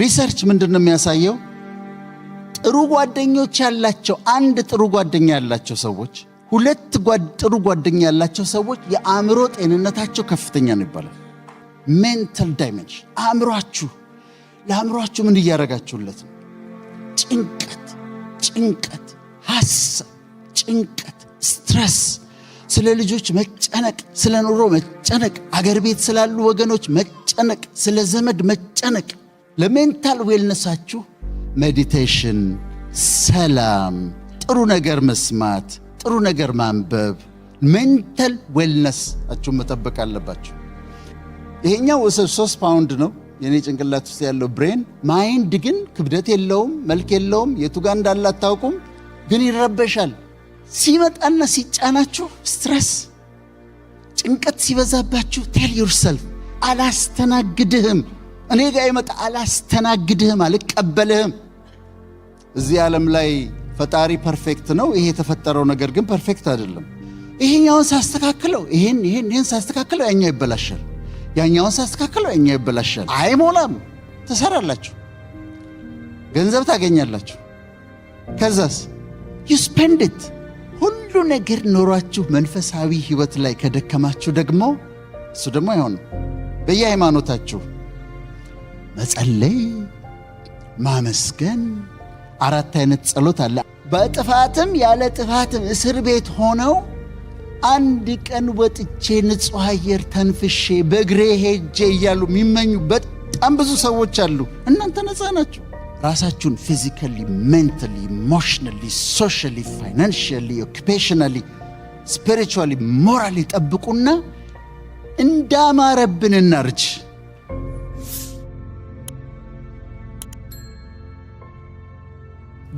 ሪሰርች ምንድን ነው የሚያሳየው? ጥሩ ጓደኞች ያላቸው አንድ ጥሩ ጓደኛ ያላቸው ሰዎች ሁለት ጥሩ ጓደኛ ያላቸው ሰዎች የአእምሮ ጤንነታቸው ከፍተኛ ነው ይባላል። ሜንታል ዳይሜንሽን አእምሯችሁ ለአእምሯችሁ ምን እያረጋችሁለት ነው? ጭንቀት ጭንቀት፣ ሀሳብ ጭንቀት፣ ስትረስ፣ ስለ ልጆች መጨነቅ፣ ስለ ኑሮ መጨነቅ፣ አገር ቤት ስላሉ ወገኖች መጨነቅ፣ ስለ ዘመድ መጨነቅ ለሜንታል ዌልነሳችሁ ሜዲቴሽን፣ ሰላም፣ ጥሩ ነገር መስማት፣ ጥሩ ነገር ማንበብ፣ ሜንታል አችሁ መጠበቅ አለባችሁ። ይሄኛው ወሰብ ሶስት ፓውንድ ነው የኔ ጭንቅላት ውስጥ ያለው ብሬን። ማይንድ ግን ክብደት የለውም፣ መልክ የለውም፣ የቱ ጋር እንዳለ አታውቁም፣ ግን ይረበሻል። ሲመጣና ሲጫናችሁ ስትረስ፣ ጭንቀት ሲበዛባችሁ ቴል ዩርሰልፍ አላስተናግድህም እኔ ጋር ይመጣ አላስተናግድህም፣ አልቀበልህም። እዚህ ዓለም ላይ ፈጣሪ ፐርፌክት ነው። ይሄ የተፈጠረው ነገር ግን ፐርፌክት አይደለም። ይሄኛውን ሳስተካክለው ይሄን ይሄን ይሄን ሳስተካክለው ያኛው ይበላሻል፣ ያኛውን ሳስተካክለው ያኛው ይበላሻል። አይሞላም። ትሰራላችሁ፣ ገንዘብ ታገኛላችሁ። ከዛስ ዩስፔንድት ሁሉ ነገር ኖሯችሁ መንፈሳዊ ህይወት ላይ ከደከማችሁ ደግሞ እሱ ደግሞ አይሆንም በየሃይማኖታችሁ መጸለይ፣ ማመስገን። አራት አይነት ጸሎት አለ። በጥፋትም ያለ ጥፋትም እስር ቤት ሆነው አንድ ቀን ወጥቼ ንጹሕ አየር ተንፍሼ በእግሬ ሄጄ እያሉ የሚመኙ በጣም ብዙ ሰዎች አሉ። እናንተ ነፃ ናቸው። ራሳችሁን ፊዚካሊ፣ ሜንታሊ፣ ኢሞሽናሊ፣ ሶሻሊ፣ ፋይናንሽሊ፣ ኦኪፔሽናሊ፣ ስፒሪቹዋሊ፣ ሞራሊ ጠብቁና እንዳማረብን እናርጅ።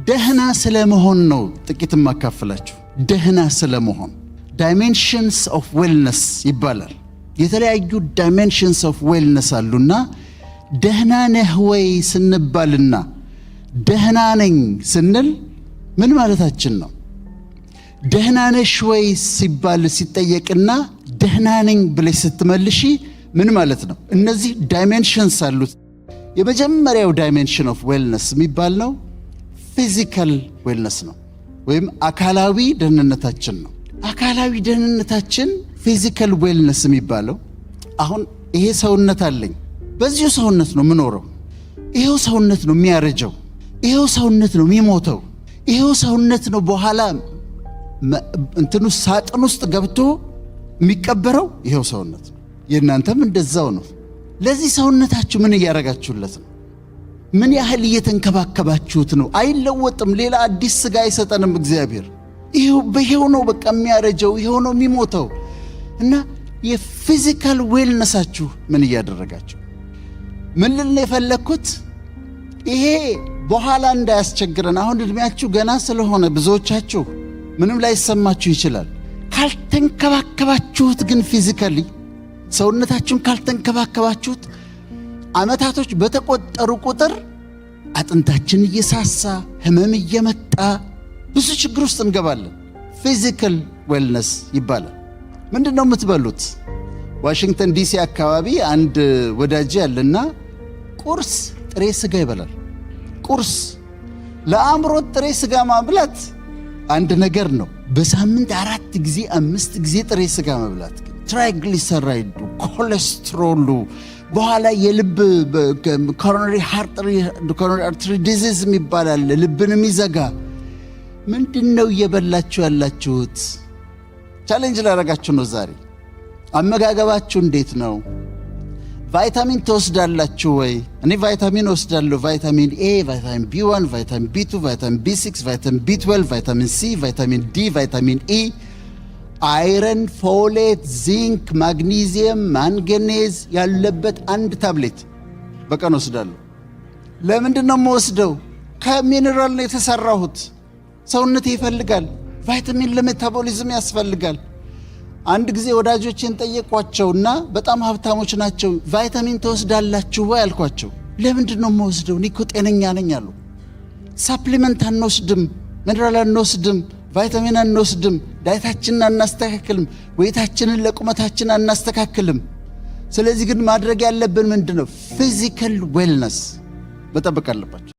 ደህና ስለመሆን ነው ጥቂት የማካፍላችሁ። ደህና ስለመሆን ዳይሜንሽንስ ኦፍ ዌልነስ ይባላል። የተለያዩ ዳይሜንሽንስ ኦፍ ዌልነስ አሉና ደህና ነህ ወይ ስንባልና ደህና ነኝ ስንል ምን ማለታችን ነው? ደህና ነሽ ወይ ሲባል ሲጠየቅና ደህና ነኝ ብለሽ ስትመልሺ ምን ማለት ነው? እነዚህ ዳይሜንሽንስ አሉት። የመጀመሪያው ዳይሜንሽን ኦፍ ዌልነስ የሚባል ነው ፊዚካል ዌልነስ ነው ወይም አካላዊ ደህንነታችን ነው። አካላዊ ደህንነታችን ፊዚካል ዌልነስ የሚባለው አሁን ይሄ ሰውነት አለኝ፣ በዚሁ ሰውነት ነው የምኖረው፣ ይሄው ሰውነት ነው የሚያረጀው፣ ይሄው ሰውነት ነው የሚሞተው፣ ይሄው ሰውነት ነው በኋላ እንትኑ ሳጥን ውስጥ ገብቶ የሚቀበረው ይሄው ሰውነት። የእናንተም እንደዛው ነው። ለዚህ ሰውነታችሁ ምን እያደረጋችሁለት ነው? ምን ያህል እየተንከባከባችሁት ነው? አይለወጥም። ሌላ አዲስ ስጋ አይሰጠንም እግዚአብሔር። ይሄው ነው በቃ የሚያረጀው፣ ይሄው ነው የሚሞተው። እና የፊዚካል ዌልነሳችሁ ምን እያደረጋችሁ? ምን ልል ነው የፈለግኩት ይሄ በኋላ እንዳያስቸግረን። አሁን እድሜያችሁ ገና ስለሆነ ብዙዎቻችሁ ምንም ላይሰማችሁ ይችላል። ካልተንከባከባችሁት ግን ፊዚካሊ ሰውነታችሁን ካልተንከባከባችሁት ዓመታቶች በተቆጠሩ ቁጥር አጥንታችን እየሳሳ ህመም እየመጣ ብዙ ችግር ውስጥ እንገባለን። ፊዚካል ዌልነስ ይባላል። ምንድን ነው የምትበሉት? ዋሽንግተን ዲሲ አካባቢ አንድ ወዳጅ ያለና ቁርስ ጥሬ ስጋ ይበላል። ቁርስ ለአእምሮት ጥሬ ስጋ ማብላት አንድ ነገር ነው። በሳምንት አራት ጊዜ አምስት ጊዜ ጥሬ ስጋ መብላት ትራይግሊሰራይዱ ኮሌስትሮሉ በኋላ የልብ ኮሮነሪ አርትሪ ዲዚዝ ይባላል። ልብንም ይዘጋ ምንድን ነው እየበላችሁ ያላችሁት? ቻሌንጅ ላረጋችሁ ነው ዛሬ። አመጋገባችሁ እንዴት ነው? ቫይታሚን ትወስዳላችሁ ወይ? እኔ ቫይታሚን ወስዳለሁ። ቫይታሚን ኤ፣ ቫይታሚን ቢ1፣ ቫይታሚን ቢ2፣ ቫይታሚን ቢ6፣ ቫይታሚን ቢ12፣ ቫይታሚን ሲ፣ ቫይታሚን ዲ፣ ቫይታሚን ኢ አይረን፣ ፎሌት፣ ዚንክ፣ ማግኒዚየም፣ ማንገኔዝ ያለበት አንድ ታብሌት በቀን ወስዳለሁ። ለምንድን ነው የምወስደው? ከሚኔራል ነው የተሰራሁት። ሰውነት ይፈልጋል። ቫይታሚን ለሜታቦሊዝም ያስፈልጋል። አንድ ጊዜ ወዳጆቼን ጠየቋቸውና በጣም ሀብታሞች ናቸው። ቫይታሚን ተወስዳላችሁ ወይ አልኳቸው። ለምንድን ነው የምወስደው? እኔ እኮ ጤነኛ ነኝ አሉ። ሳፕሊመንት አንወስድም፣ ሚኔራል አንወስድም፣ ቫይታሚን አንወስድም ዳይታችንን አናስተካክልም፣ ወይታችንን ለቁመታችን አናስተካክልም። ስለዚህ ግን ማድረግ ያለብን ምንድን ነው? ፊዚካል ዌልነስ መጠበቅ አለባቸው።